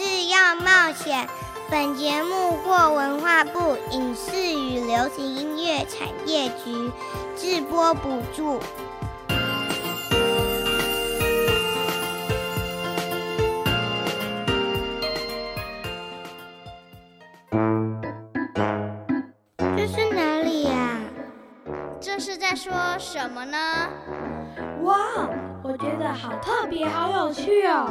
是要冒險。本節目獲文化部影視與流行音樂產業局製播補助。這是哪裡呀、啊？這是在說什麼呢？哇，我覺得好特別，好有趣哦。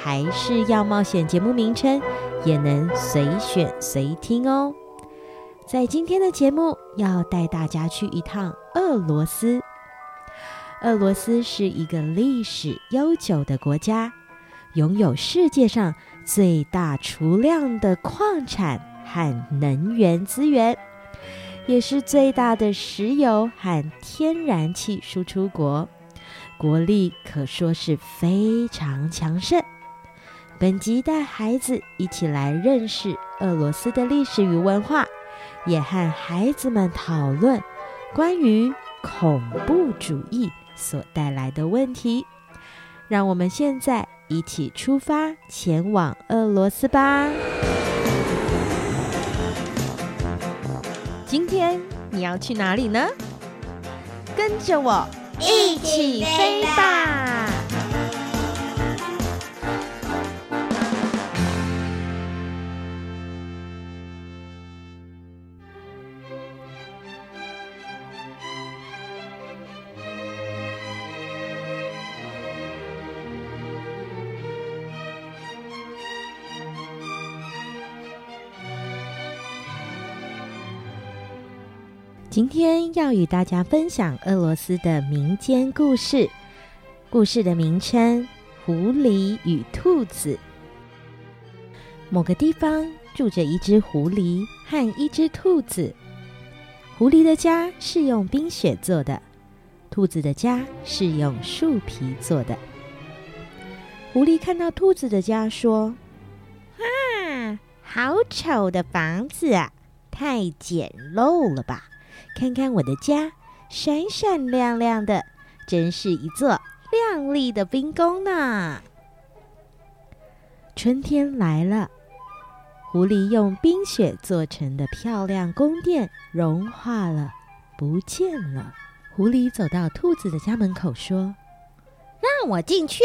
孩是要冒險，節目名稱也能隨選隨聽哦。在今天的節目，要帶大家去一趟俄羅斯。俄羅斯是一個歷史悠久的國家，擁有世界上最大儲量的礦產和能源資源，也是最大的石油和天然氣輸出國，國力可說是非常強盛。本集帶孩子一起來認識俄羅斯的歷史與文化，也和孩子們討論關於恐怖主義所帶來的問題。讓我們現在一起出發前往俄羅斯吧！今天你要去哪裡呢？跟着我一起飛吧！今天要與大家分享俄羅斯的民間故事。故事的名稱《狐狸與兔子》。某個地方住着一只狐狸和一只兔子。狐狸的家是用冰雪做的，兔子的家是用樹皮做的。狐狸看到兔子的家，說：“哇、啊，好醜的房子啊，太簡陋了吧！”看看我的家，閃閃亮亮的，真是一座亮麗的冰宮呢、啊。春天來了，狐狸用冰雪做成的漂亮宮殿融化了，不見了。狐狸走到兔子的家門口，說：“讓我進去。”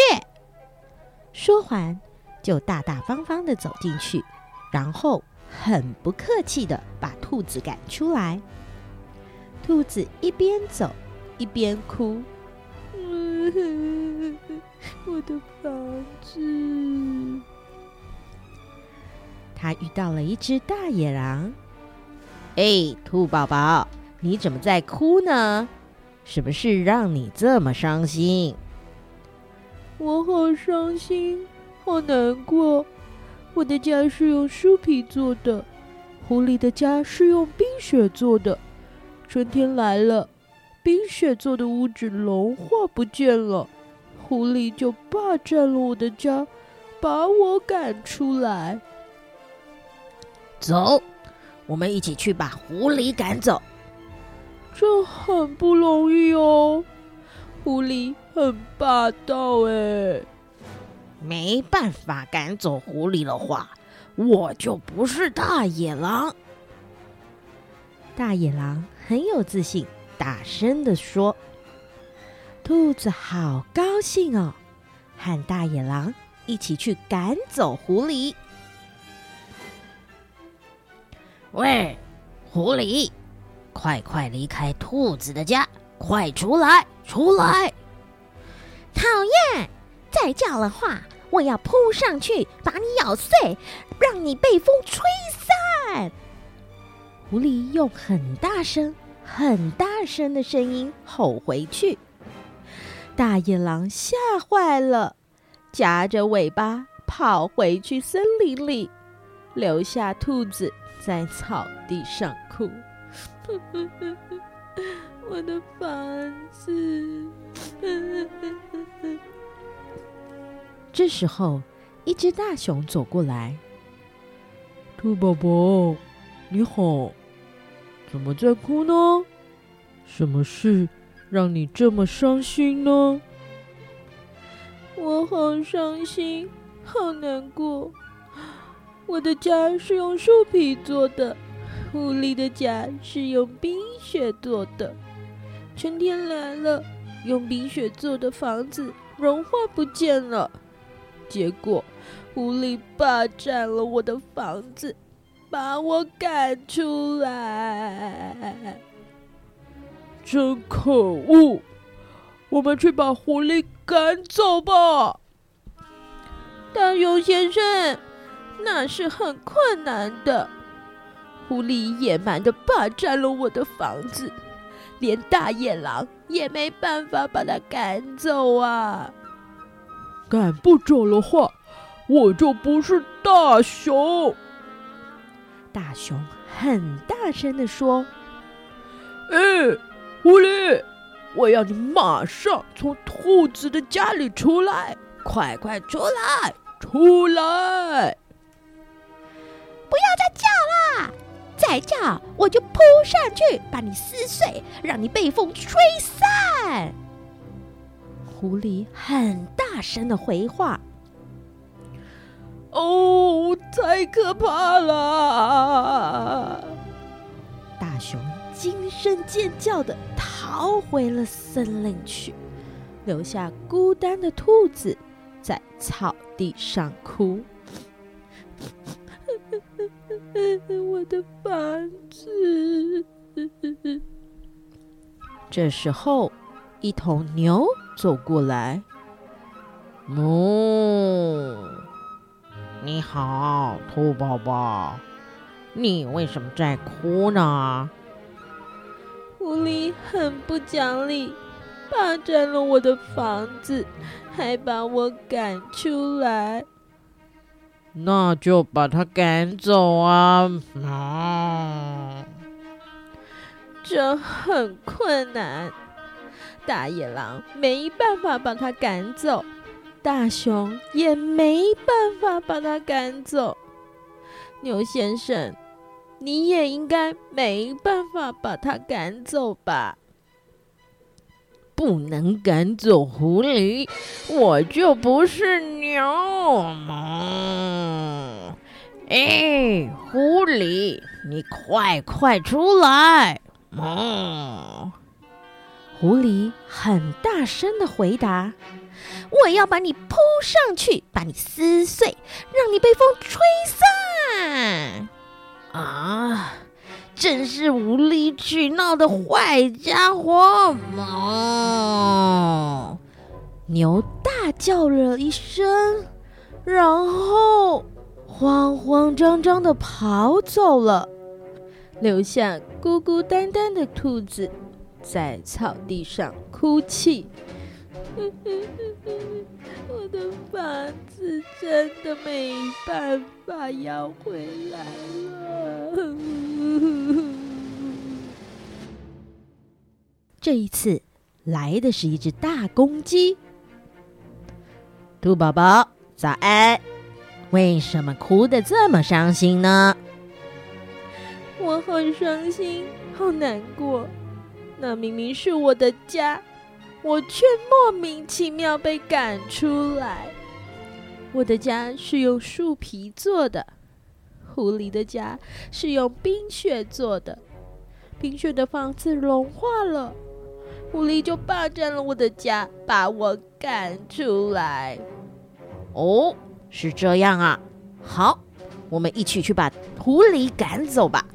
說完，就大大方方的走進去，然後很不客氣的把兔子趕出來。兔子一邊走一邊哭， 我的房子。它遇到了一隻大野狼，哎、欸，兔寶寶，你怎麼在哭呢？什麼事讓你這麼傷心？我好傷心，好難過。我的家是用樹皮做的，狐狸的家是用冰雪做的。春天來了，冰雪做的屋子融化不見了，狐狸就霸占了我的家，把我趕出來。走，我們一起去把狐狸趕走。這很不容易哦，狐狸很霸道哎，沒辦法趕走狐狸的話，我就不是大野狼。大野狼。很有自信，大聲地說：“兔子好高興哦，和大野狼一起去趕走狐狸。喂，狐狸，快快離開兔子的家，快出來，出來！討厭，再叫的話，我要撲上去把你咬碎，讓你被風吹散。”狐狸用很大聲、很大聲的聲音吼回去，大野狼嚇壞了，夾着尾巴跑回去森林裡，留下兔子在草地上哭。 我的房帆子 這時候，一只大熊走過來，兔寶寶，你好。怎麼在哭呢？什麼事讓你這麼傷心呢？我好傷心，好難過。我的家是用樹皮做的，狐狸的家是用冰雪做的。春天來了，用冰雪做的房子融化不見了，結果狐狸霸占了我的房子。把我趕出來，真可惡！我們去把狐狸趕走吧，大熊先生。那是很困難的，狐狸野蠻地霸占了我的房子，連大野狼也沒辦法把它趕走啊！趕不走的話，我就不是大熊。大熊很大聲地說：“哎、欸，狐狸，我要你馬上從兔子的家裡出來，快快出來，出來！不要再叫啦，再叫我就撲上去把你撕碎，讓你被風吹散。”狐狸很大聲地回話。哦、oh，太可怕了！大熊驚聲尖叫的逃回了森林去，留下孤單的兔子在草地上哭。 我的房子。 這時候，一頭牛走過來，哞、哦。你好，兔寶寶，你為什麼在哭呢？狐狸很不講理，霸占了我的房子，還把我趕出來。那就把他趕走啊！啊，這很困難，大野狼沒辦法把他趕走。大熊也沒辦法把他趕走，牛先生，你也應該沒辦法把他趕走吧？不能趕走狐狸，我就不是牛嗎？哎、嗯，狐狸，你快快出來！嗯，狐狸很大聲的回答。我要把你撲上去，把你撕碎，讓你被風吹散啊！真是無理取鬧的壞家伙！牛大叫了一聲，然後慌慌張張地跑走了，留下孤孤單單的兔子在草地上哭泣。 我的房子真的沒辦法要回來了。 這一次來的是一隻大公雞。兔寶寶，早安！為什麼哭得這麼傷心呢？我好傷心，好難過。那明明是我的家。我卻莫名其妙被趕出來。我的家是用樹皮做的，狐狸的家是用冰雪做的。冰雪的房子融化了，狐狸就霸占了我的家，把我趕出來。哦，是這樣啊。好，我們一起去把狐狸趕走吧。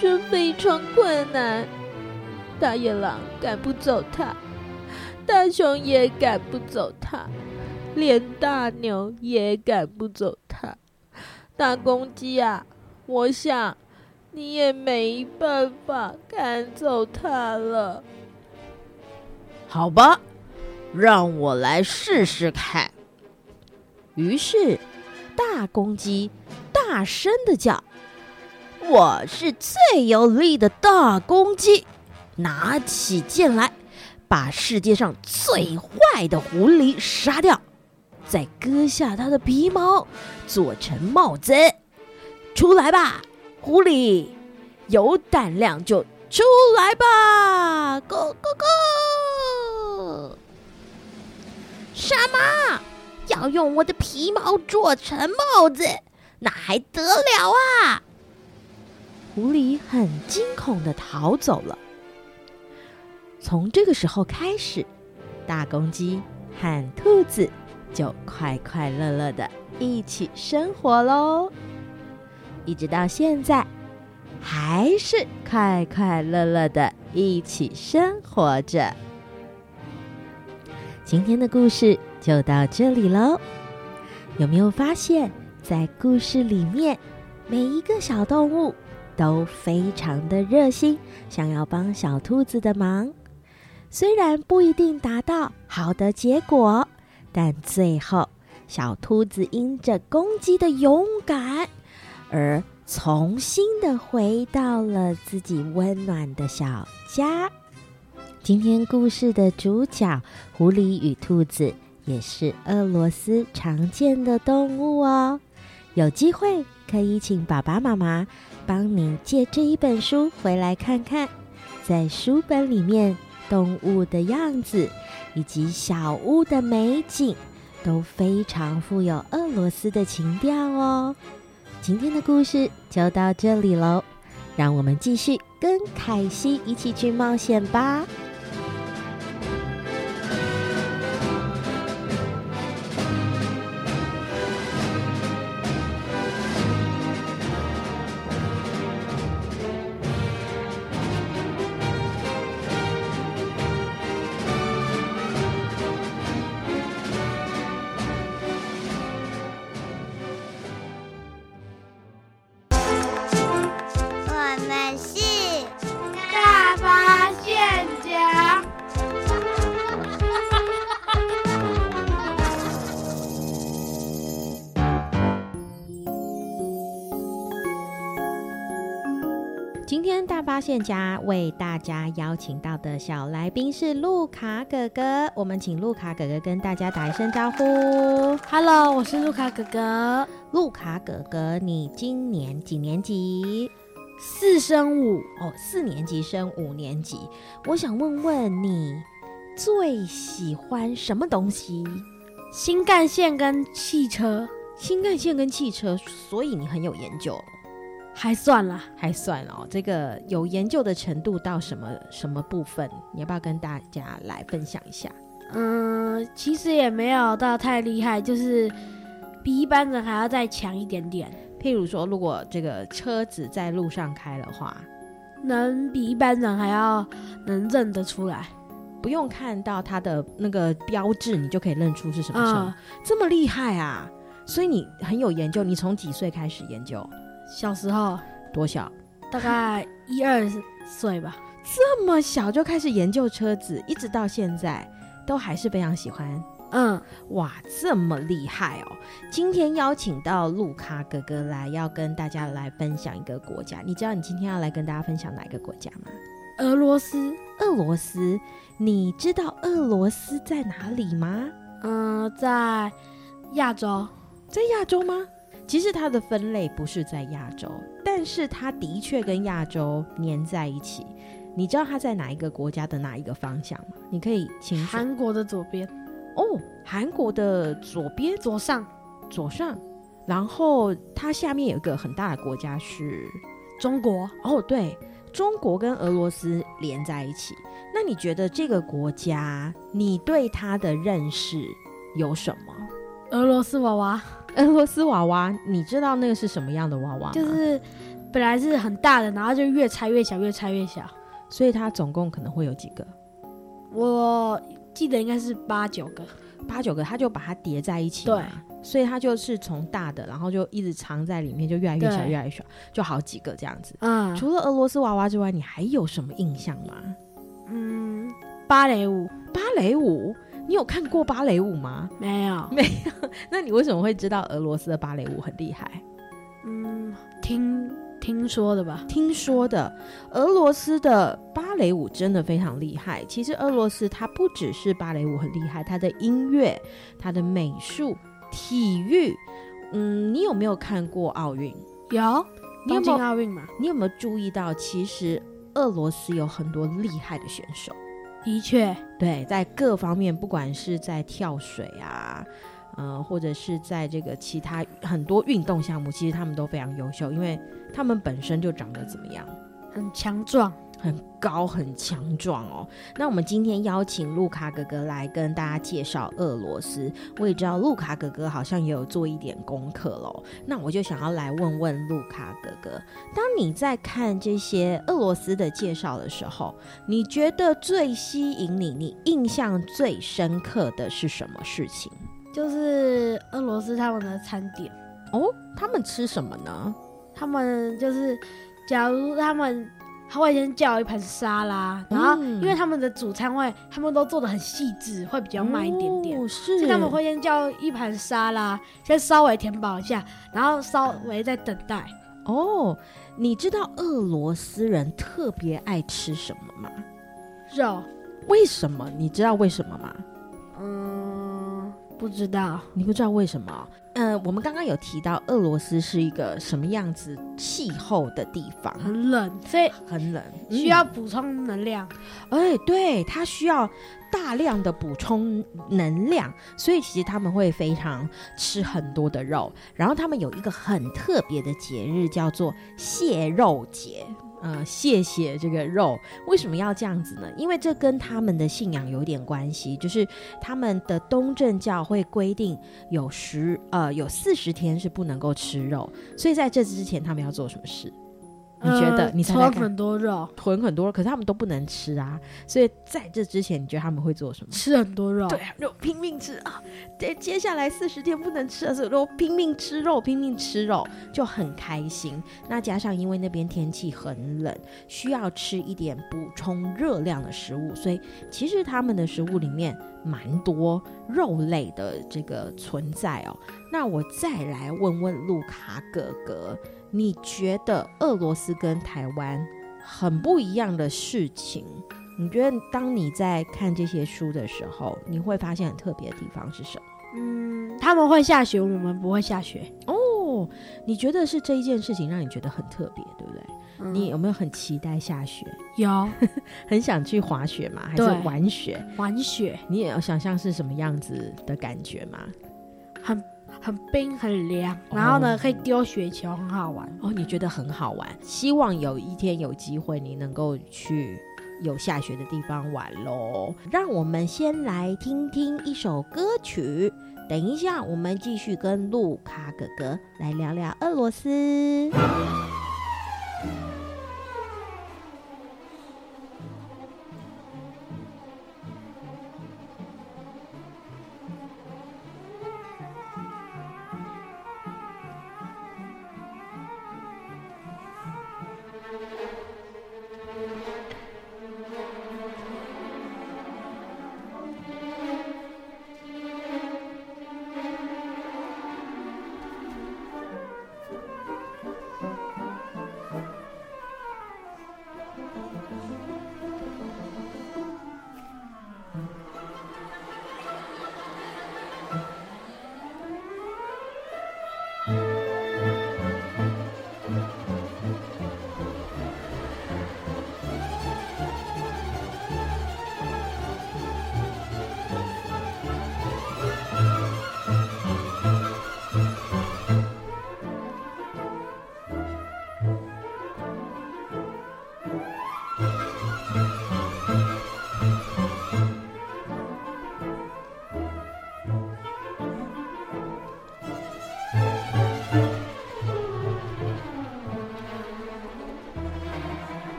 這非常困難。大野狼趕不走它，大熊也趕不走它，連大牛也趕不走它。大公雞啊，我想你也沒辦法趕走它了。好吧，讓我來試試看。於是，大公雞大聲的叫：“我是最有力的大公雞。”拿起劍來，把世界上最壞的狐狸殺掉，再割下它的皮毛做成帽子。出來吧，狐狸！有膽量就出來吧，go go go！什麼？要用我的皮毛做成帽子？那還得了啊！狐狸很驚恐的逃走了。從這個時候開始，大公雞和兔子就快快樂樂的一起生活嘍，一直到現在，還是快快樂樂的一起生活着。今天的故事就到這裡嘍，有沒有發現，在故事裡面，每一個小動物都非常的熱心，想要幫小兔子的忙？雖然不一定達到好的結果，但最後小兔子因着公雞的勇敢而重新的回到了自己溫暖的小家。今天故事的主角狐狸與兔子也是俄羅斯常見的動物哦。有機會可以請爸爸媽媽幫你借這一本書回來看看，在書本裡面。動物的樣子，以及小屋的美景，都非常富有俄羅斯的情調哦。今天的故事就到這裡嘍，讓我們繼續跟凱西一起去冒險吧。現在為大家邀請到的小來賓是路卡哥哥，我們請路卡哥哥跟大家打一聲招呼。Hello，我是路卡哥哥。路卡哥哥，你今年幾年級？四升五哦，四年級升五年級。我想問問你，最喜歡什麼東西？新幹線跟汽車？新幹線跟汽車，所以你很有研究。還算了，還算了，哦。這個有研究的程度到什麼什麼部分，你要不要跟大家來分享一下？嗯，其實也沒有到太厲害，就是比一般人還要再強一點點。譬如說，如果這個車子在路上開的話，能比一般人還要能認得出來，不用看到它的那個標誌，你就可以認出是什麼車。嗯，這麼厲害啊！所以你很有研究，你從幾歲開始研究？小時候多小？大概一二歲吧。這麼小就開始研究車子，一直到現在都還是非常喜歡。嗯，哇，這麼厲害哦！今天邀請到路卡哥哥來，要跟大家來分享一個國家。你知道你今天要來跟大家分享哪一個國家嗎？俄羅斯，俄羅斯。你知道俄羅斯在哪裡嗎？嗯，在亞洲。在亞洲嗎？其實它的分類不是在亞洲，但是它的確跟亞洲連在一起。你知道它在哪一個國家的哪一個方向嗎？你可以請韓國的左邊，哦，韓國的左邊，左上，左上，然後它下面有一個很大的國家是中國，哦，對，中國跟俄羅斯連在一起。那你覺得這個國家，你對它的認識有什麼？俄羅斯娃娃。俄羅斯娃娃，你知道那個是什麼樣的娃娃？就是本來是很大的，然後就越拆越小，越拆越小。所以它總共可能會有幾個？我記得應該是八九個。八九個，它就把它疊在一起嘛。對，所以它就是從大的，然後就一直藏在裡面，就越來越小，越來越小，就好幾個這樣子。嗯。除了俄羅斯娃娃之外，你還有什麼印象嗎？嗯，芭蕾舞，芭蕾舞。你有看過芭蕾舞嗎？沒有，沒有。那你為什麼會知道俄羅斯的芭蕾舞很厲害？嗯，聽聽說的吧。聽說的，俄羅斯的芭蕾舞真的非常厲害。其實俄羅斯它不只是芭蕾舞很厲害，它的音樂、它的美術、體育……嗯，你有沒有看過奧運？有，你有沒有奧運嗎？你有沒有，你有沒有注意到，其實俄羅斯有很多厲害的選手？的確，對，在各方面，不管是在跳水啊，呃，或者是在這個其他很多運動項目，其實他們都非常優秀，因為他們本身就長得怎麼樣？很強壯。很高很強壯哦。那我們今天邀請路卡哥哥來跟大家介紹俄羅斯。我也知道路卡哥哥好像也有做一點功課嘍。那我就想要來問問路卡哥哥，當你在看這些俄羅斯的介紹的時候，你覺得最吸引你、你印象最深刻的是什麼事情？就是俄羅斯他們的餐點哦。他們吃什麼呢？他們就是，假如他們。他會先叫一盤沙拉，然後因為他們的主餐會，他們都做得很細緻，會比較慢一點點。哦、是，他們會先叫一盤沙拉，先稍微填飽一下，然後稍微再等待。哦，你知道俄羅斯人特別愛吃什麼嗎？肉。為什麼？你知道為什麼嗎？嗯。不知道，你不知道為什麼？呃，我們剛剛有提到俄羅斯是一個什麼樣子氣候的地方？很冷，所以很冷，需要補充能量。哎、嗯欸，對，它需要大量的補充能量，所以其實他們會非常吃很多的肉。然後他們有一個很特別的節日，叫做謝肉節。呃，謝謝這個肉。為什麼要這樣子呢？因為這跟他們的信仰有點關係，就是他們的東正教會規定有十，呃，有四十天是不能夠吃肉，所以在這之前他們要做什麼事？你覺得你吃、嗯、很多肉，囤很多，可是他們都不能吃啊，所以在這之前，你覺得他們會做什麼？吃很多肉，對啊，就拼命吃啊。接接下來四十天不能吃的時候，都拼命吃肉，拼命吃肉就很開心。那加上因為那邊天氣很冷，需要吃一點補充熱量的食物，所以其實他們的食物裡面蠻多肉類的這個存在哦。那我再來問問路卡哥哥。你覺得俄羅斯跟台灣很不一樣的事情？你覺得當你在看這些書的時候，你會發現很特別的地方是什麼？嗯，他們會下雪，我們不會下雪。哦，你覺得是這一件事情讓你覺得很特別，對不對？嗯、你有沒有很期待下雪？有， 很想去滑雪嗎？還是玩雪？玩雪？你也要想象是什麼樣子的感覺嗎？嗯、很。很冰很涼，然後呢、哦，可以丟雪球，很好玩。哦，你覺得很好玩，希望有一天有機會，你能夠去有下雪的地方玩嘍。讓我們先來聽聽一首歌曲，等一下我們繼續跟路卡哥哥來聊聊俄羅斯。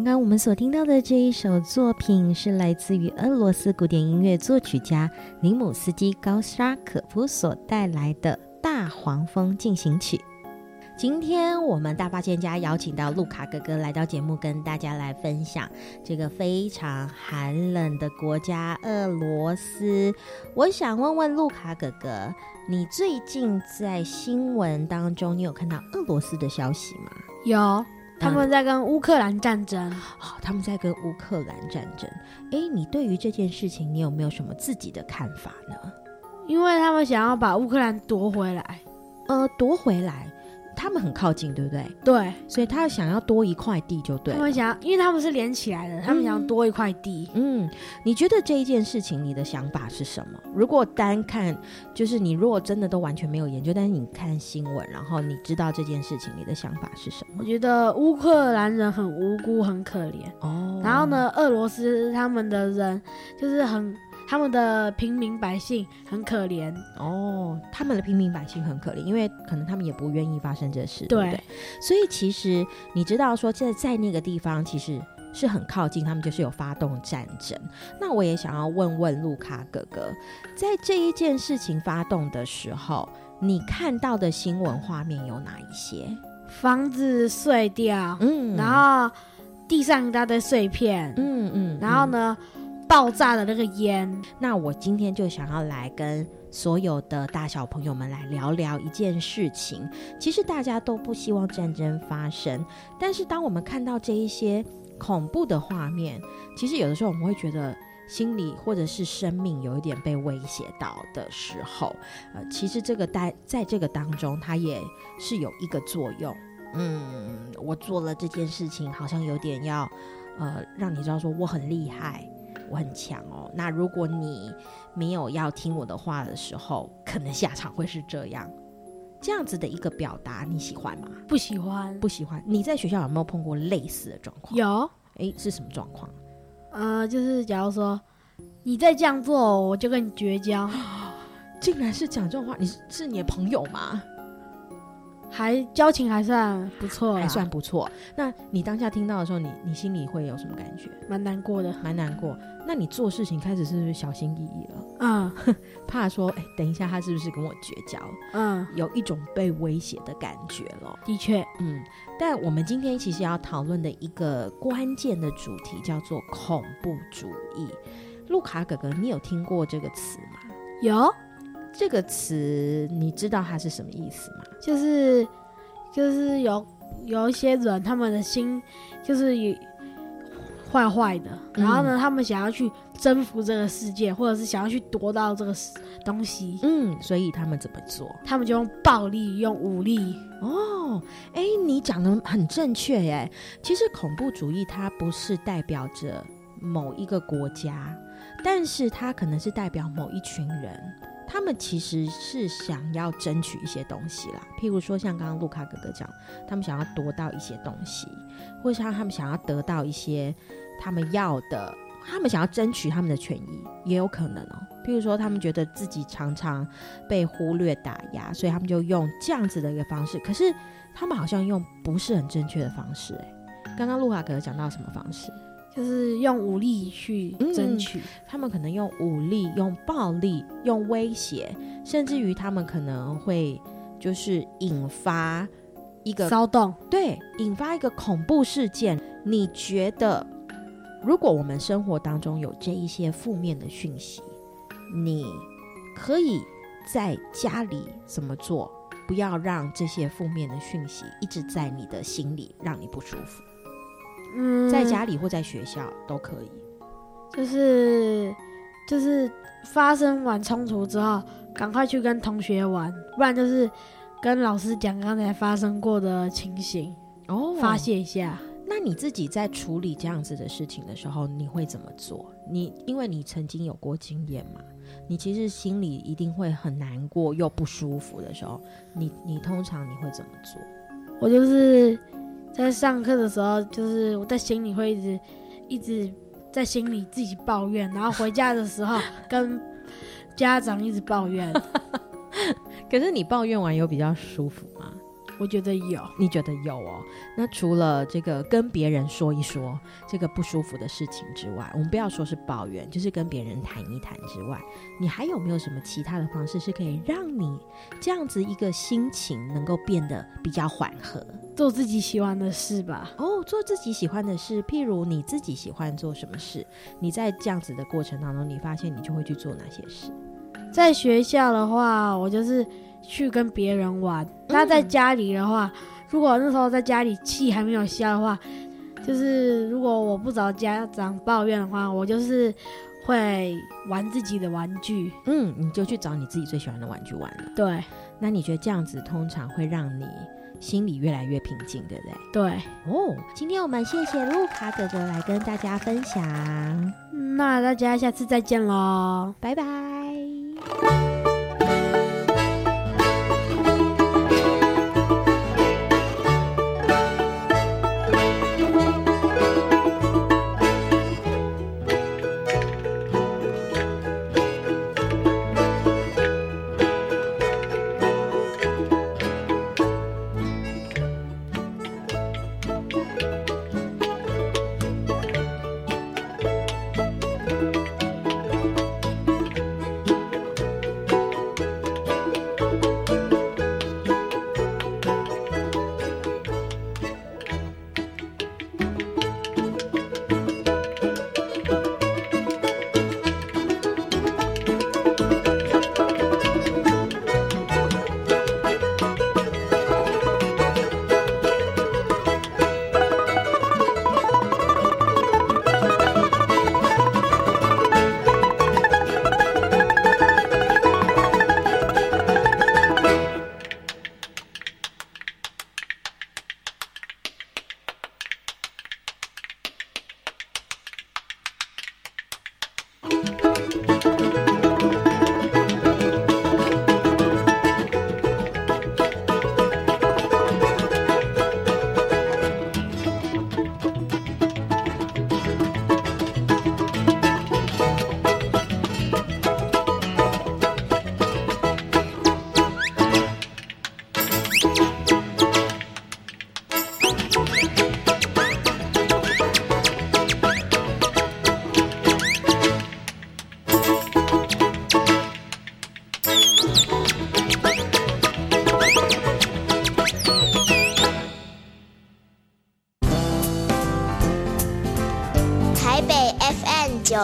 剛剛我們所聽到的這一首作品是來自於俄羅斯古典音樂作曲家林姆斯基高沙可夫所帶來的《大黃蜂進行曲》。今天我們大發現家邀請到路卡哥哥來到節目，跟大家來分享這個非常寒冷的國家——俄羅斯。我想問問路卡哥哥，你最近在新聞當中，你有看到俄羅斯的消息嗎？有。他們在跟烏克蘭戰爭，好、嗯、哦，他們在跟烏克蘭戰爭。哎、欸，你對於這件事情，你有沒有什麼自己的看法呢？因為他們想要把烏克蘭奪回來，呃，奪回來。他們很靠近，對不對？對，所以他想要多一塊地，就對。他們想要，因為他們是連起來的，他們想要多一塊地。嗯，嗯，你覺得這一件事情，你的想法是什麼？如果單看，就是你如果真的都完全沒有研究，但是你看新聞，然後你知道這件事情，你的想法是什麼？我覺得烏克蘭人很無辜，很可憐。哦，然後呢，俄羅斯他們的人就是很。他們的平民百姓很可憐哦，他們的平民百姓很可憐，因為可能他們也不願意發生這事，對，對不對？所以其實你知道說，在在那個地方，其實是很靠近，他們就是有發動戰爭。那我也想要問問路卡哥哥，在這一件事情發動的時候，你看到的新聞畫面有哪一些？房子碎掉，嗯，然後地上一大堆碎片，嗯嗯，嗯，然後呢？嗯爆炸的那個煙，那我今天就想要來跟所有的大小朋友們來聊聊一件事情。其實大家都不希望戰爭發生，但是當我們看到這一些恐怖的畫面，其實有的時候我們會覺得心理或者是生命有一點被威脅到的時候，呃，其實這個在在這個當中，它也是有一個作用。嗯，我做了這件事情，好像有點要呃，讓你知道說我很厲害。我很強哦。那如果你沒有要聽我的話的時候，可能下場會是這樣。這樣子的一個表達，你喜歡嗎？不喜歡，不喜歡。你在學校有沒有碰過類似的狀況？有。哎、欸，是什麼狀況？呃，就是假如說你再這樣做，我就跟你絕交。竟然是講這種話，你是，是你的朋友嗎？還交情還算不錯啊，還算不錯。那你當下聽到的時候，你你心裡會有什麼感覺？蠻難過的，嗯，蠻難過。那你做事情開始是不是小心翼翼了？啊、嗯？ 怕說哎、欸，等一下他是不是跟我絕交了？嗯，有一種被威脅的感覺咯。的確，嗯。但我們今天其實要討論的一個關鍵的主題叫做恐怖主義。路卡哥哥，你有聽過這個詞嗎？有。這個詞你知道它是什麼意思嗎？就是就是有有一些人他們的心就是有。壞壞的，然後呢、嗯？他們想要去征服這個世界，或者是想要去奪到這個東西。嗯，所以他們怎麼做？他們就用暴力，用武力。哦，哎、欸，你講得很正確，哎，其實恐怖主義它不是代表着某一個國家，但是它可能是代表某一群人。他們其實是想要爭取一些東西啦，譬如說像剛剛路卡哥哥講，他們想要奪到一些東西，或是他們想要得到一些他們要的，他們想要爭取他們的權益也有可能哦、喔。譬如說他們覺得自己常常被忽略打壓，所以他們就用這樣子的一個方式，可是他們好像用不是很正確的方式欸。剛剛路卡哥哥講到什麼方式？就是用武力去爭取，嗯，他們可能用武力、用暴力、用威脅，甚至於他們可能會就是引發一個騷動，對，引發一個恐怖事件。你覺得，如果我們生活當中有這一些負面的訊息，你可以在家裡怎麼做，不要讓這些負面的訊息一直在你的心裡，讓你不舒服？嗯，在家裡或在學校都可以，就是，就是發生完衝突之後，趕快去跟同學玩，不然就是跟老師講剛才發生過的情形，哦，發洩一下。那你自己在處理這樣子的事情的時候，你會怎麼做？你因為你曾經有過經驗嘛，你其實心裡一定會很難過又不舒服的時候，你你通常你會怎麼做？我就是。在上課的時候，就是我在心裡會一直、一直在心裡自己抱怨，然後回家的時候跟家長一直抱怨。 可是你抱怨完有比較舒服嗎？我覺得有，你覺得有哦。那除了這個跟別人說一說這個不舒服的事情之外，我們不要說是抱怨，就是跟別人談一談之外，你還有沒有什麼其他的方式是可以讓你這樣子一個心情能夠變得比較緩和？做自己喜歡的事吧。哦，做自己喜歡的事，譬如你自己喜歡做什麼事，你在這樣子的過程當中，你發現你就會去做哪些事？在學校的話，我就是。去跟別人玩，那在家裡的話嗯嗯，如果那時候在家裡氣還沒有消的話，就是如果我不找家長抱怨的話，我就是會玩自己的玩具。嗯，你就去找你自己最喜歡的玩具玩了。對，那你覺得這樣子通常會讓你心裡越來越平靜，對不對？對。哦、oh，今天我們謝謝路卡哥哥來跟大家分享，那大家下次再見嘍，拜拜。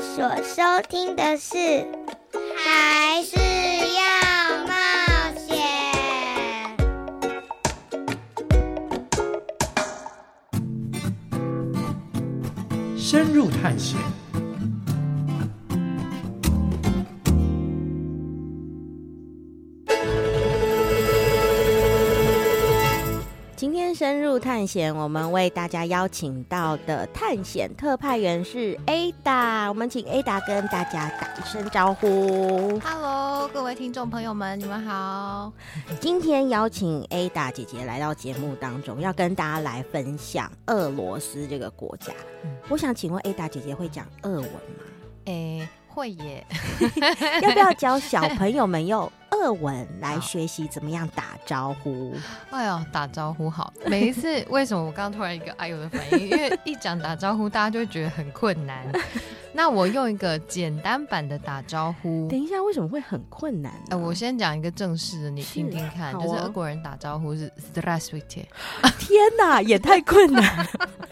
所收聽的是，孩是要冒險，深入探險。探險，我們為大家邀請到的探險特派員是 Ada，我們請 Ada 跟大家打一聲招呼。Hello，各位聽眾朋友們，你們好。今天邀請 Ada 姐姐來到節目當中，要跟大家來分享俄羅斯這個國家、嗯。我想請問 Ada 姐姐會講俄文嗎？哎、欸，會耶。 要不要教小朋友們用？俄文來學習怎麼樣打招呼？哎呀，打招呼好！每一次為什麼我剛剛突然一個哎呦的反應？ 因為一講打招呼，大家就會覺得很困難。 那我用一個簡單版的打招呼。 等一下，為什麼會很困難、呃？我先講一個正式的，你聽聽看。是哦、就是俄國人打招呼是 здравствуйте 天哪、啊，也太困難了！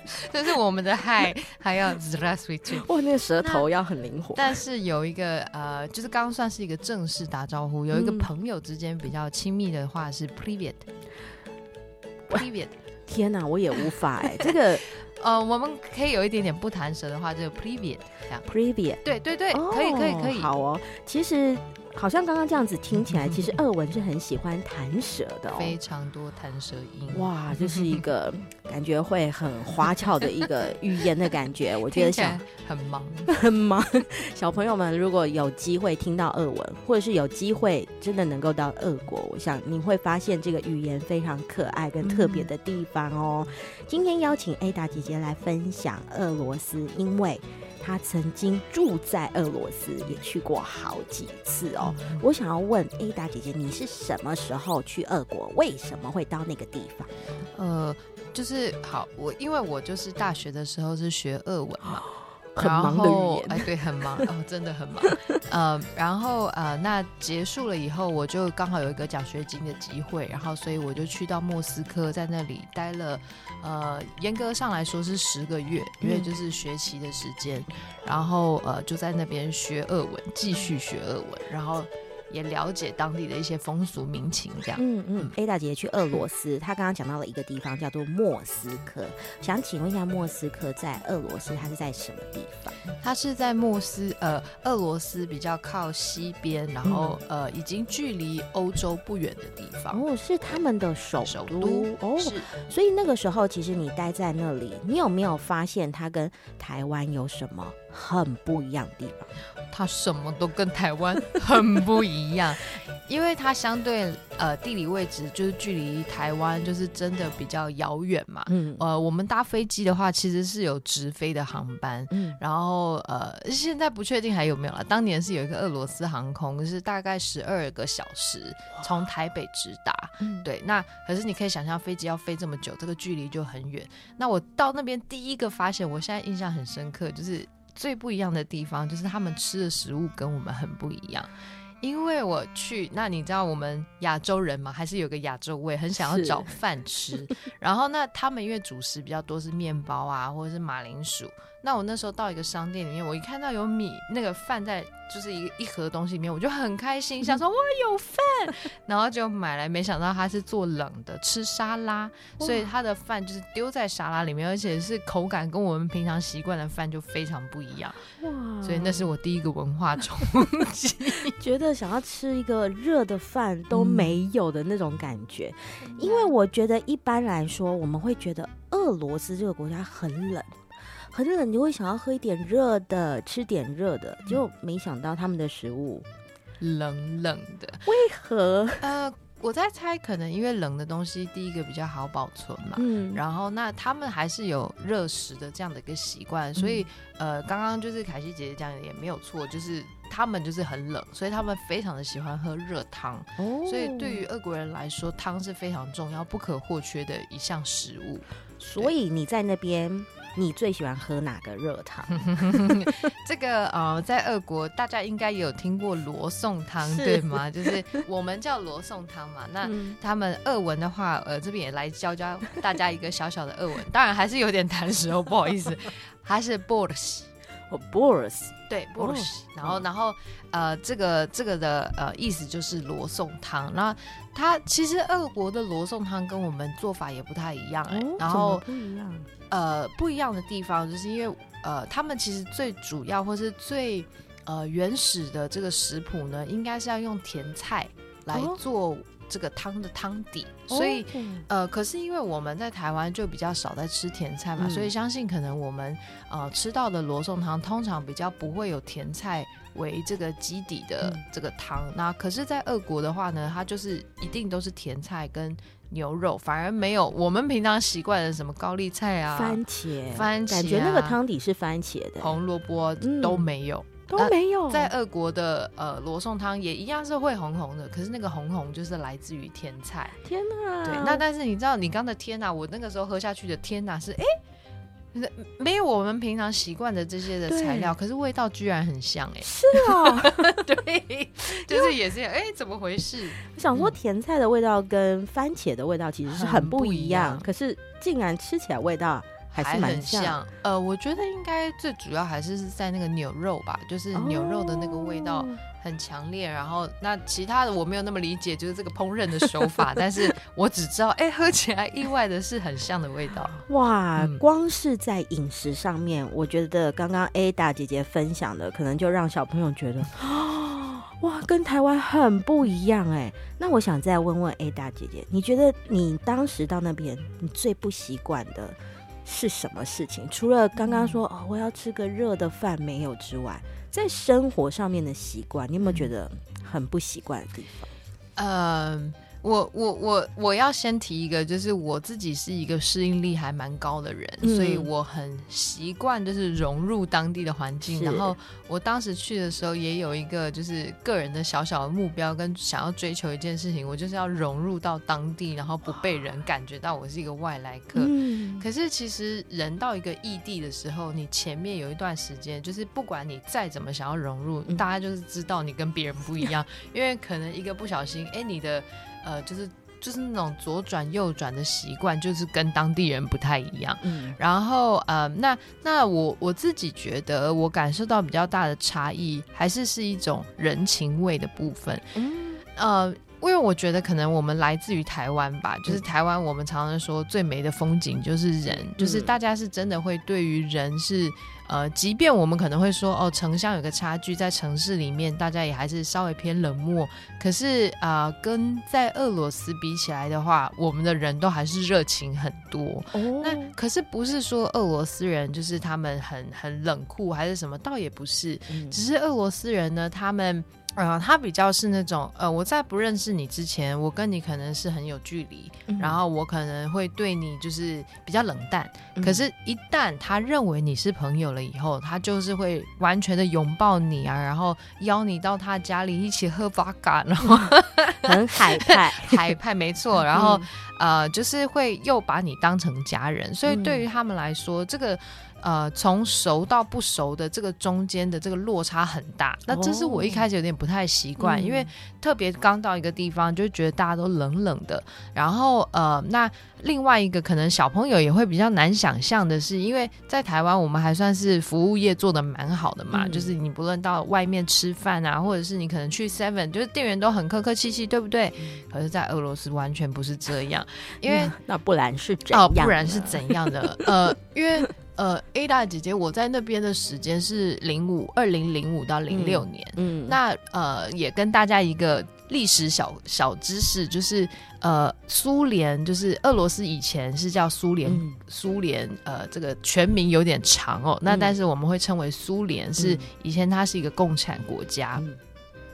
就是我們的嗨，還要 здравствуйте 哇，那個舌頭要很靈活。但是有一個呃，就是剛剛算是一個正式打招呼，有一個。朋友之間比較親密的話是 priviet，priviet，天哪，我也無法哎， 這個呃，我們可以有一點點不彈舌的話，就 priviet，priviet，對對對，哦、可以可以可以，好哦，其實。好像剛剛這樣子聽起來，其實俄文是很喜歡彈舌的、哦，非常多彈舌音。哇，這是一個感覺會很花俏的一個語言的感覺。 我覺得小很忙，很忙。小朋友們如果有機會聽到俄文，或者是有機會真的能夠到俄國，我想你會發現這個語言非常可愛跟特別的地方哦。嗯、今天邀請 Ada 姐姐來分享俄羅斯，因為。他曾經住在俄羅斯，也去過好幾次哦。我想要問 Ada、欸、姐姐，你是什麼時候去俄國？為什麼會到那個地方？呃，就是好，我因為我就是大學的時候是學俄文嘛。然後，哎，對，很忙，哦，真的很忙， 呃，然後，呃，那結束了以後，我就剛好有一個獎學金的機會，然後，所以我就去到莫斯科，在那裡待了，呃，嚴格上來說是十個月，嗯、因為就是學習的時間，然後，呃，就在那邊學俄文，繼續學俄文，然後。也了解當地的一些風俗民情，這樣。嗯嗯，A、欸、大姐去俄羅斯，她剛剛講到了一個地方叫做莫斯科，想請問一下，莫斯科在俄羅斯它是在什麼地方？它是在莫斯，呃，俄羅斯比較靠西邊，然後、嗯、呃，已經距離歐洲不遠的地方。哦，是他們的首都，首都哦。是，所以那個時候其實你待在那裡，你有沒有發現它跟台灣有什麼？很不一樣的地方，它什麼都跟台灣很不一樣， 因為它相對呃地理位置就是距離台灣就是真的比較遙遠嘛。嗯，呃，我們搭飛機的話其實是有直飛的航班，嗯，然後呃現在不確定還有沒有了。當年是有一個俄羅斯航空，就是大概十二個小時從台北直達，對。那可是你可以想象，飛機要飛這麼久，這個距離就很遠。那我到那邊第一個發現，我現在印象很深刻就是。最不一樣的地方就是他們吃的食物跟我們很不一樣，因為我去那，你知道我們亞洲人嘛，還是有個亞洲胃，很想要找飯吃。然後那他們因為主食比較多是麵包啊，或者是馬鈴薯。那我那時候到一個商店裡面，我一看到有米那個飯在，就是一一盒的東西裡面，我就很開心，想說、嗯、哇有飯，然後就買來，沒想到它是做冷的，吃沙拉，所以它的飯就是丟在沙拉裡面，而且是口感跟我們平常習慣的飯就非常不一樣。哇！所以那是我第一個文化衝擊， 你覺得想要吃一個熱的飯都沒有的那種感覺，嗯、因為我覺得一般來說我們會覺得俄羅斯這個國家很冷。很冷，你會想要喝一點熱的，吃點熱的。結果沒想到他們的食物、嗯、冷冷的，為何？呃，我在猜，可能因為冷的東西第一個比較好保存嘛。嗯。然後，那他們還是有熱食的這樣的一個習慣、嗯，所以，呃，剛剛就是凱西姐姐講的也沒有錯，就是他們就是很冷，所以他們非常的喜歡喝熱湯。哦。所以，對於俄國人來說，湯是非常重要、不可或缺的一項食物。所以你在那邊。你最喜歡喝哪個熱湯？ 這個呃、哦，在俄國大家應該也有聽過羅宋湯，對嗎？就是我們叫羅宋湯嘛。 那他們俄文的話，呃，這邊也來教教大家一個小小的俄文。 當然還是有點彈舌哦，不好意思，還 是 borsh Oh, Boris，對 Boris，oh, 然後然後呃，這個這個的呃意思就是羅宋湯。那它其實俄國的羅宋湯跟我們做法也不太一樣哎。Oh, 然後不一樣，呃，不一樣的地方就是因為呃，他們其實最主要或是最呃原始的這個食譜呢，應該是要用甜菜來做、oh.。這個湯的湯底，所以、哦、呃，可是因為我們在台灣就比較少在吃甜菜嘛，嗯、所以相信可能我們呃吃到的羅宋湯通常比較不會有甜菜為這個基底的這個湯。嗯、那可是，在俄國的話呢，它就是一定都是甜菜跟牛肉，反而沒有我們平常習慣的什麼高麗菜啊、番茄、番茄、啊，感覺那個湯底是番茄的、紅蘿蔔都沒有。嗯啊、都沒有，在俄國的呃羅宋湯也一樣是會紅紅的，可是那個紅紅就是來自於甜菜。天啊！對，那但是你知道，你剛剛的天啊，我那個時候喝下去的天啊，欸，是哎，沒有我們平常習慣的這些的材料，可是味道居然很像哎，欸。是啊，喔， 對，就是也是哎，欸，怎麼回事？我想說甜菜的味道跟番茄的味道其實是很不一樣，一樣可是竟然吃起來味道。還，還是很像，呃，我覺得應該最主要還是在那個牛肉吧，就是牛肉的那個味道很強烈、哦。然後那其他的我沒有那麼理解，就是這個烹飪的手法。 但是我只知道，哎、欸，喝起來意外的是很像的味道。哇，嗯、光是在飲食上面，我覺得剛剛 Ada 姐姐分享的，可能就讓小朋友覺得，哇，跟台灣很不一樣哎。那我想再問問 Ada 姐姐，你覺得你當時到那邊，你最不習慣的？是什麼事情？除了剛剛說，哦，我要吃個熱的飯沒有之外，在生活上面的習慣，你有沒有覺得很不習慣的地方？嗯，uh...。我我我我要先提一個，就是我自己是一個適應力還蠻高的人，嗯、所以我很習慣就是融入當地的環境。然後我當時去的時候也有一個就是個人的小小的目標跟想要追求一件事情，我就是要融入到當地，然後不被人感覺到我是一個外來客。嗯、可是其實人到一個異地的時候，你前面有一段時間，就是不管你再怎麼想要融入，嗯、大家就是知道你跟別人不一樣， 因為可能一個不小心，哎，你的。呃，就是就是那種左轉右轉的習慣，就是跟當地人不太一樣。嗯，然後呃，那那我我自己覺得，我感受到比較大的差異，還是是一種人情味的部分。嗯，呃，因為我覺得可能我們來自於台灣吧，嗯，就是台灣我們常常說最美的風景就是人，嗯，就是大家是真的會對於人是。呃，即便我們可能會說，哦，城鄉有個差距，在城市裡面，大家也還是稍微偏冷漠。可是啊、呃，跟在俄羅斯比起來的話，我們的人都還是熱情很多。那、哦、可是不是說俄羅斯人就是他們很很冷酷還是什麼？倒也不是、嗯，只是俄羅斯人呢，他們。呃，他比較是那種，呃，我在不認識你之前，我跟你可能是很有距離、嗯，然後我可能會對你就是比較冷淡。嗯、可是，一旦他認為你是朋友了以後，他就是會完全的擁抱你啊，然後邀你到他家裡一起喝 v o 然後很、嗯、 海派，海派沒錯。然後、嗯，呃，就是會又把你當成家人。所以，對於他們來說，這個。呃，從熟到不熟的這個中間的這個落差很大。那這是我一開始有點不太習慣，哦嗯，因為特別剛到一個地方，就覺得大家都冷冷的。然後呃，那另外一個可能小朋友也會比較難想象的是，因為在台灣我們還算是服務業做得蠻好的嘛，嗯，就是你不論到外面吃飯啊，或者是你可能去 Seven，就是店員都很客客氣氣，對不對？嗯、可是，在俄羅斯完全不是這樣，因為、嗯、那不然是這樣，呃，不然是怎樣的？ 呃，因為。呃，Ada 姐姐，我在那邊的時間是零五，二零零五到零六年。嗯，嗯，那呃，也跟大家一個歷史小小知識，就是呃，蘇聯就是俄羅斯以前是叫蘇聯，蘇聯、嗯、呃，這個全名有點長哦。那但是我們會稱為蘇聯，是、嗯、以前它是一個共產國家。嗯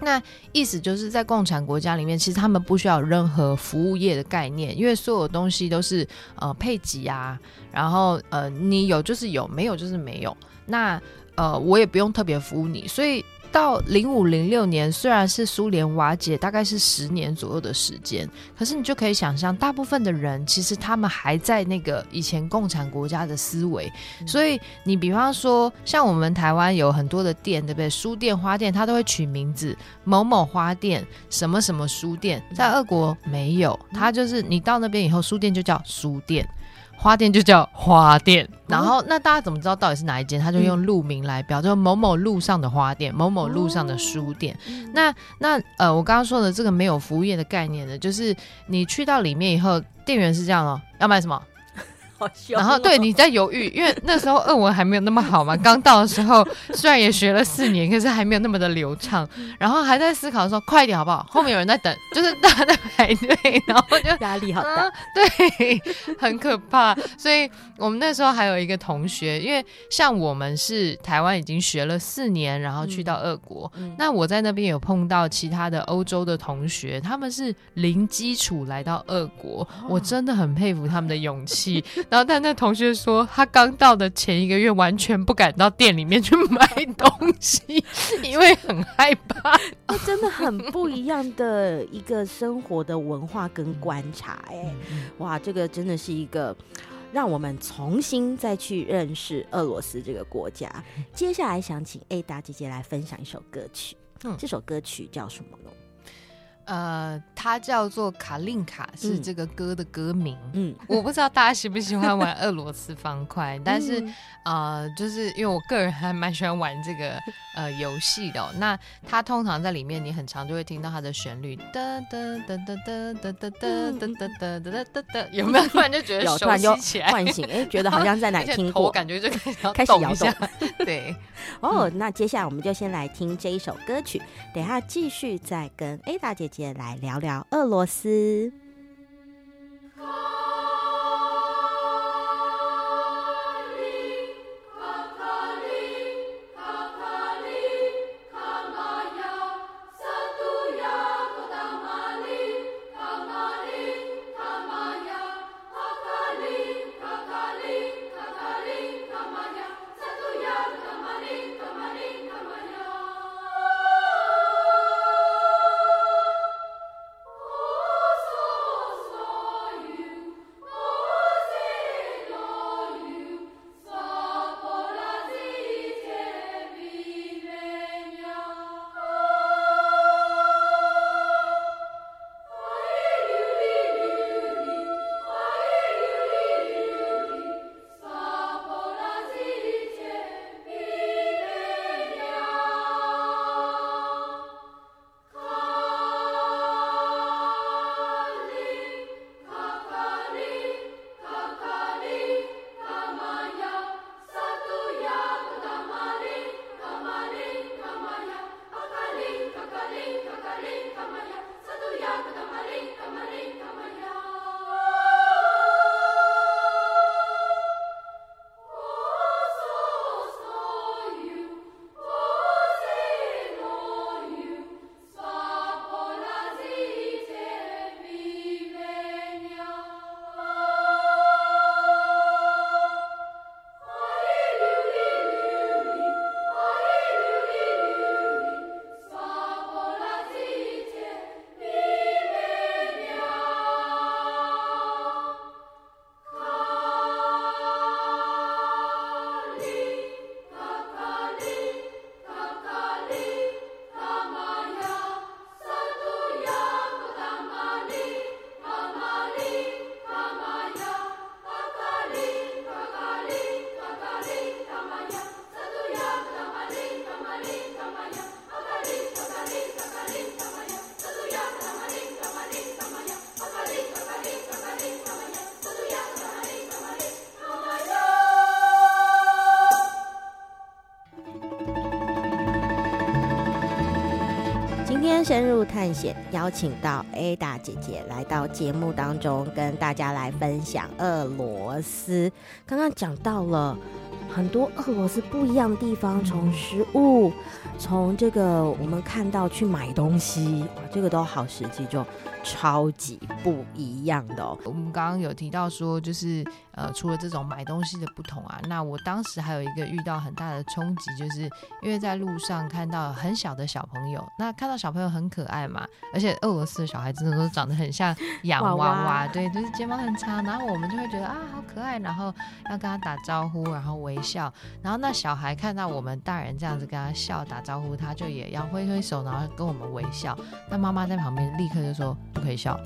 那意思就是在共產國家裡面，其實他們不需要有任何服務業的概念，因為所有東西都是呃配給啊，然後呃你有就是有，沒有就是沒有，那呃我也不用特別服務你，所以。到零五零六年，雖然是蘇聯瓦解，大概是十年左右的時間，可是你就可以想象，大部分的人其實他們還在那個以前共產國家的思維。所以你比方說，像我們台灣有很多的店，對不對？書店、花店，它都會取名字，某某花店、什麼什麼書店，在俄國沒有，它就是你到那邊以後，書店就叫書店。花店就叫花店，嗯、然後那大家怎麼知道到底是哪一間？他就用路名來標，就某某路上的花店，某某路上的書店。嗯、那那呃，我剛剛說的這個沒有服務業的概念的，就是你去到裡面以後，店員是這樣的、哦，要買什麼？喔、然後對，你在猶豫，因為那時候俄文還沒有那麼好嘛。剛 到的時候，雖然也學了四年， 可是還沒有那麼的流暢。然後還在思考說，快一點好不好？後面有人在等， 就是大家在排隊，然後就壓力好大、啊，對，很可怕。所以我們那時候還有一個同學，因為像我們是台灣已經學了四年，然後去到俄國。嗯、那我在那邊有碰到其他的歐洲的同學，他們是零基礎來到俄國、哦，我真的很佩服他們的勇氣。 然後，但那同學說，他剛到的前一個月，完全不敢到店裡面去買東西， 因為很害怕。 真的很不一樣的一個生活的文化跟觀察、欸，哎、嗯嗯嗯，哇，這個真的是一個讓我們重新再去認識俄羅斯這個國家。嗯、接下來想請 Ada 姐姐來分享一首歌曲，嗯，這首歌曲叫什麼呢？呃，它叫做卡令卡，是這個歌的歌名。嗯，我不知道大家喜不喜歡玩俄羅斯方塊，嗯，但是啊，嗯呃，就是因為我個人還蠻喜歡玩這個呃遊戲的，哦。那它通常在裡面，你很常就會聽到它的旋律。有沒有突然就覺得手 有突然就喚醒？哎，欸，覺得好像在哪聽過，感覺這個開始搖動。 對，哦，嗯，那接下來我們就先來聽這一首歌曲，等一下繼續再跟 A 達姐姐。也來聊聊俄羅斯。今天深入探險，邀請到 Ada 姐姐來到節目當中，跟大家來分享俄羅斯。剛剛講到了很多俄羅斯不一樣的地方，從食物，從這個我們看到去買東西，哇，這個都好實際，就超級不一樣的喔。我們剛剛有提到說，就是。呃，除了這種買東西的不同啊，那我當時還有一個遇到很大的衝擊，就是因為在路上看到很小的小朋友，那看到小朋友很可愛嘛，而且俄羅斯的小孩真的都長得很像洋娃娃，娃娃，對，就是睫毛很長，然後我們就會覺得啊好可愛，然後要跟他打招呼，然後微笑，然後那小孩看到我們大人這樣子跟他笑打招呼，他就也要揮揮手，然後跟我們微笑，那媽媽在旁邊立刻就說不可以笑。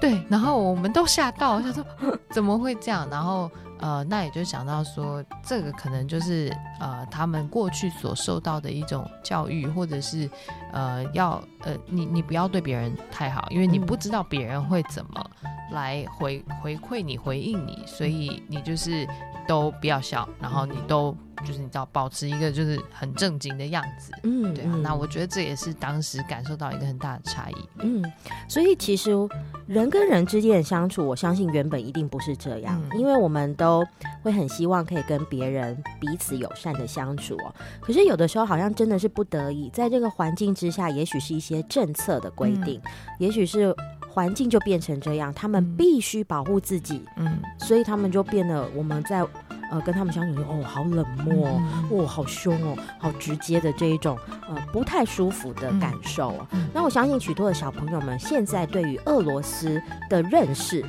對，然後我們都嚇到，想說怎麼會這樣？然後呃，那也就想到說，這個可能就是呃，他們過去所受到的一種教育，或者是呃，要呃，你你不要對別人太好，因為你不知道別人會怎麼來回回饋你、回應你，所以你就是都不要笑，然後你都。就是你知道，保持一個就是很正經的樣子，嗯，對啊，那我覺得這也是當時感受到一個很大的差異，嗯。所以其實人跟人之間的相處，我相信原本一定不是這樣、嗯，因為我們都會很希望可以跟別人彼此友善的相處、喔。可是有的時候好像真的是不得已，在這個環境之下，也許是一些政策的規定，嗯、也許是環境就變成這樣，他們必須保護自己，嗯。所以他們就變得我們在。呃，跟他們相處就哦，好冷漠哦，哦，好凶哦，好直接的這一種，呃，不太舒服的感受啊、嗯。那我相信許多的小朋友們現在對於俄羅斯的認識，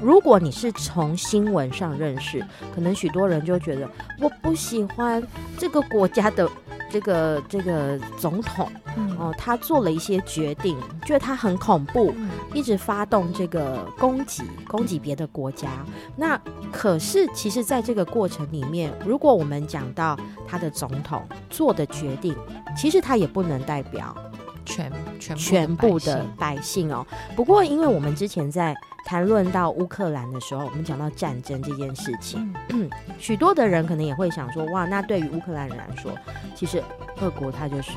如果你是從新聞上認識，可能許多人就覺得我不喜歡這個國家的。這個這個總統哦、嗯呃，他做了一些決定，覺得他很恐怖、嗯，一直發動這個攻擊，攻擊別的國家。那可是，其實，在這個過程裡面，如果我們講到他的總統做的決定，其實他也不能代表。全全部全部的百姓哦。不過，因為我們之前在談論到烏克蘭的時候，我們講到戰爭這件事情，嗯嗯，許多的人可能也會想說：哇，那對於烏克蘭人來說，其實俄國它就是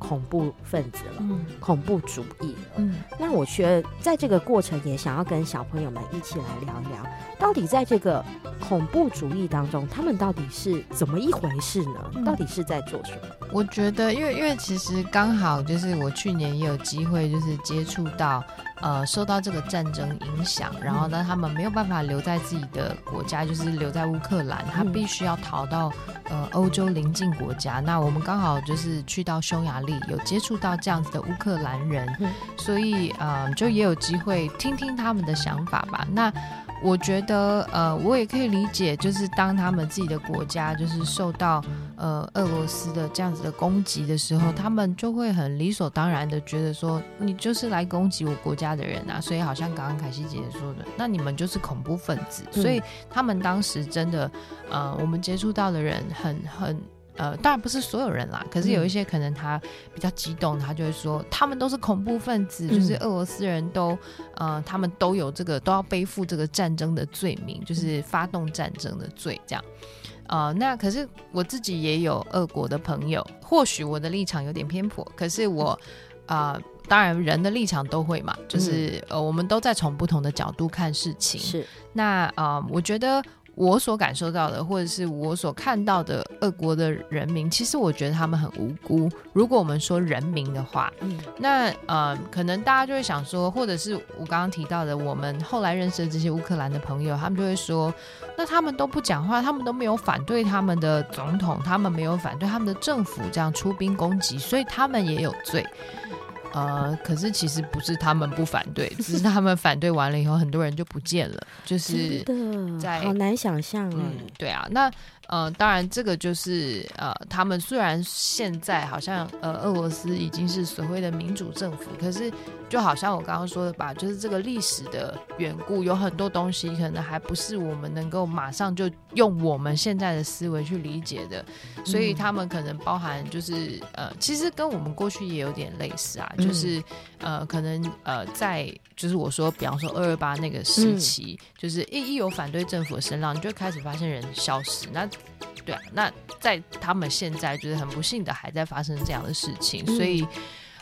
恐怖分子了，嗯、恐怖主義了。嗯，那我覺得在這個過程也想要跟小朋友們一起來聊一聊，到底在這個恐怖主義當中，他們到底是怎麼一回事呢？嗯、到底是在做什麼？我覺得，因為因為其實剛好就是我去年也有機會，就是接觸到。呃，受到這個戰爭影響，然後呢，他們沒有辦法留在自己的國家，嗯、就是留在烏克蘭，他必須要逃到呃歐洲鄰近國家。那我們剛好就是去到匈牙利，有接觸到這樣子的烏克蘭人，嗯、所以啊、呃，就也有機會聽聽他們的想法吧。那。我覺得，呃，我也可以理解，就是當他們自己的國家就是受到呃俄羅斯的這樣子的攻擊的時候、嗯，他們就會很理所當然的覺得說，你就是來攻擊我國家的人啊，所以好像剛剛凱西姐姐說的，那你們就是恐怖分子，所以他們當時真的，呃，我們接觸到的人很很。呃，當然不是所有人啦，可是有一些可能他比較激動，他就會說、嗯、他們都是恐怖分子，就是俄羅斯人都、嗯、呃，他們都有這個都要背負這個戰爭的罪名，就是發動戰爭的罪這樣。呃，那可是我自己也有俄國的朋友，或許我的立場有點偏頗，可是我啊、呃，當然人的立場都會嘛，就是、嗯、呃，我們都在從不同的角度看事情。是，那呃，我覺得。我所感受到的，或者是我所看到的，俄國的人民，其實我覺得他們很無辜。如果我們說人民的話，嗯，那呃，可能大家就會想說，或者是我剛剛提到的，我們後來認識的這些烏克蘭的朋友，他們就會說，那他們都不講話，他們都沒有反對他們的總統，他們沒有反對他們的政府這樣出兵攻擊，所以他們也有罪。呃，可是其實不是他們不反對， 只是他們反對完了以後，很多人就不見了，就是在的好難想象。嗯，對啊，那。呃，當然，這個就是呃，他們雖然現在好像呃，俄羅斯已經是所謂的民主政府，可是就好像我剛剛說的吧，就是這個歷史的緣故，有很多東西可能還不是我們能夠馬上就用我們現在的思維去理解的，所以他們可能包含就是呃，其實跟我們過去也有點類似啊，就是呃，可能呃在。就是我說，比方說二二八那個時期，嗯，就是一一有反對政府的聲浪，你就開始發現人消失。那，對啊，那在他們現在就是很不幸的還在發生這樣的事情，所以。嗯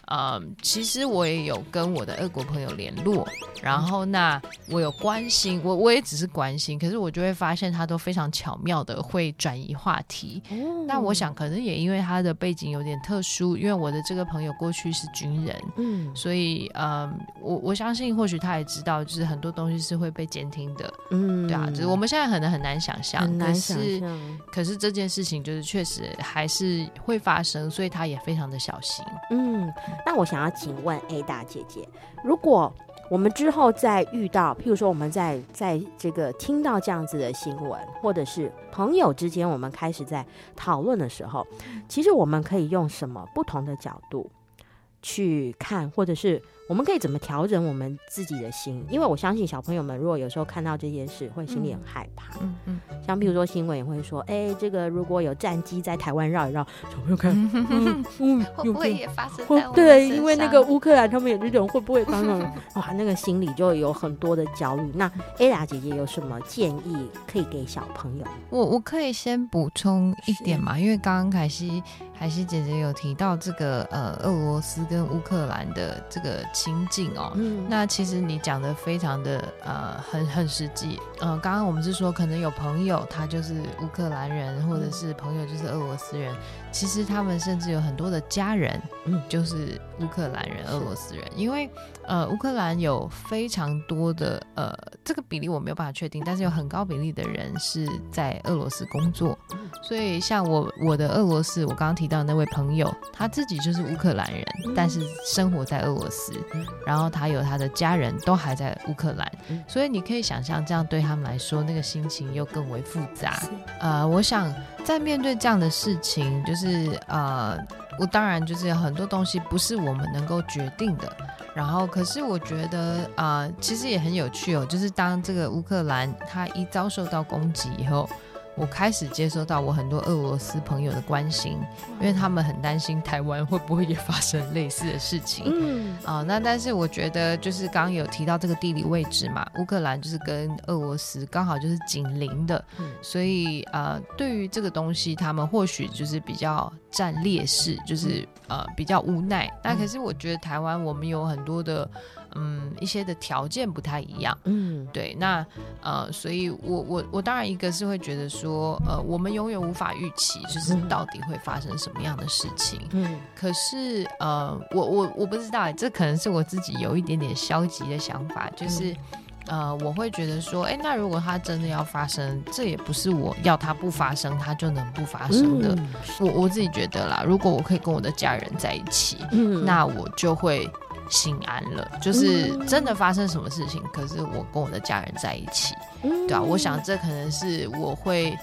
呃、嗯，其實我也有跟我的俄國朋友聯絡，然後那我有關心，我我也只是關心，可是我就會發現他都非常巧妙的會轉移話題、嗯。那我想可能也因為他的背景有點特殊，因為我的這個朋友過去是軍人，嗯，所以呃、嗯，我我相信或許他也知道，就是很多東西是會被監聽的，嗯，對啊，就是我們現在可能很難想象，但是可是這件事情就是確實還是會發生，所以他也非常的小心，嗯。那我想要請問 Ada 姐姐，如果我們之後再遇到，譬如說我們在在這個聽到這樣子的新聞，或者是朋友之間，我們開始在討論的時候，其實我們可以用什麼不同的角度去看，或者是？我們可以怎麼調整我們自己的心？因為我相信小朋友們，如果有時候看到這件事，會心裡很害怕。嗯嗯，嗯，像譬如說新聞也會說，哎、欸，這個如果有戰機在台灣繞一繞，小朋友看會不會也發生、哦？對，因為那個烏克蘭他們有這種，會不會發生？哇、嗯哦，那個心裡就有很多的焦慮。那 Ada 姐姐有什麼建議可以給小朋友？我我可以先補充一點嘛，因為剛剛凱西，凱西姐，姐姐有提到這個呃，俄羅斯跟烏克蘭的這個。心境哦，那其實你講的非常的呃，很很實際。嗯、呃，剛剛我們是說，可能有朋友他就是烏克蘭人，或者是朋友就是俄羅斯人。其實他們甚至有很多的家人，嗯，就是烏克蘭人、俄羅斯人，因為呃，烏克蘭有非常多的呃，這個比例我沒有辦法確定，但是有很高比例的人是在俄羅斯工作，所以像我我的俄羅斯，我剛剛提到那位朋友，他自己就是烏克蘭人，但是生活在俄羅斯，然後他有他的家人，都還在烏克蘭，所以你可以想象，這樣對他們來說，那個心情又更為複雜。呃，我想。在面對這樣的事情，就是呃，我當然就是有很多東西不是我們能夠決定的。然後，可是我覺得啊、呃，其實也很有趣哦，就是當這個烏克蘭它一遭受到攻擊以後。我開始接收到我很多俄羅斯朋友的關心，因為他們很擔心台灣會不會也發生類似的事情。嗯，啊、呃，那但是我覺得就是剛剛有提到這個地理位置嘛，烏克蘭就是跟俄羅斯剛好就是緊鄰的、嗯，所以呃，對於這個東西，他們或許就是比較占劣勢，就是、嗯、呃比較無奈。那、嗯、可是我覺得台灣我們有很多的。嗯，一些的條件不太一樣，嗯，對，那呃，所以我我我當然一個是會覺得說，呃，我們永遠無法預期，就是到底會發生什麼樣的事情，嗯，可是呃，我我我不知道，這可能是我自己有一點點消極的想法，就是、嗯、呃，我會覺得說，哎、欸，那如果它真的要發生，這也不是我要它不發生，它就能不發生的，嗯、我我自己覺得啦，如果我可以跟我的家人在一起，嗯，那我就會。心安了，就是真的發生什麼事情，可是我跟我的家人在一起，對啊，我想這可能是我會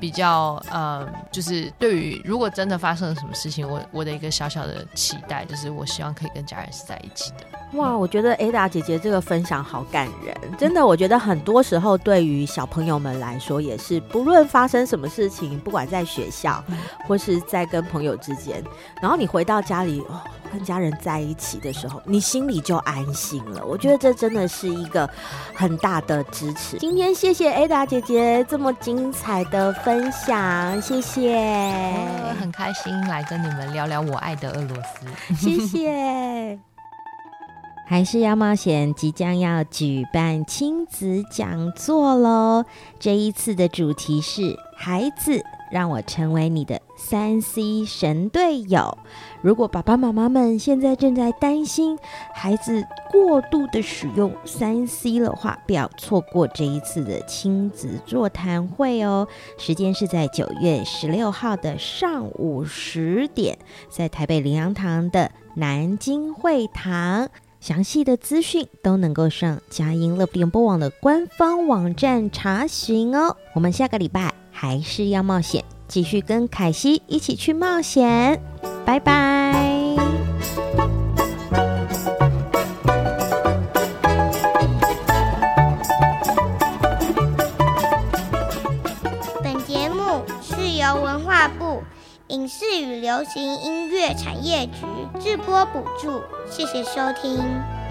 比較，嗯，就是對於如果真的發生了什麼事情，我我的一個小小的期待，就是我希望可以跟家人是在一起的。哇，我覺得 Ada 姐姐這個分享好感人，真的，我覺得很多時候對於小朋友們來說也是，不論發生什麼事情，不管在學校或是在跟朋友之間，然後你回到家裡哦，跟家人在一起的時候，你心裡就安心了。我覺得這真的是一個很大的支持。今天謝謝 Ada 姐姐這麼精彩的分享，謝謝。哦，很開心來跟你們聊聊我愛的俄羅斯，謝謝。孩是要冒險，即將要舉辦親子講座嘍！這一次的主題是“孩子讓我成為你的三 C 神隊友”。如果爸爸媽媽們現在正在擔心孩子過度的使用三 C 的話，不要錯過這一次的親子座談會哦！時間是在九月十六號的上午十點，在台北靈糧堂的南京會堂。詳細的資訊都能夠上佳音樂聯播網的官方網站查詢哦。我們下個禮拜孩是要冒險，繼續跟凱西一起去冒險。拜拜。影視與流行音樂產業局製播補助，謝謝收聽。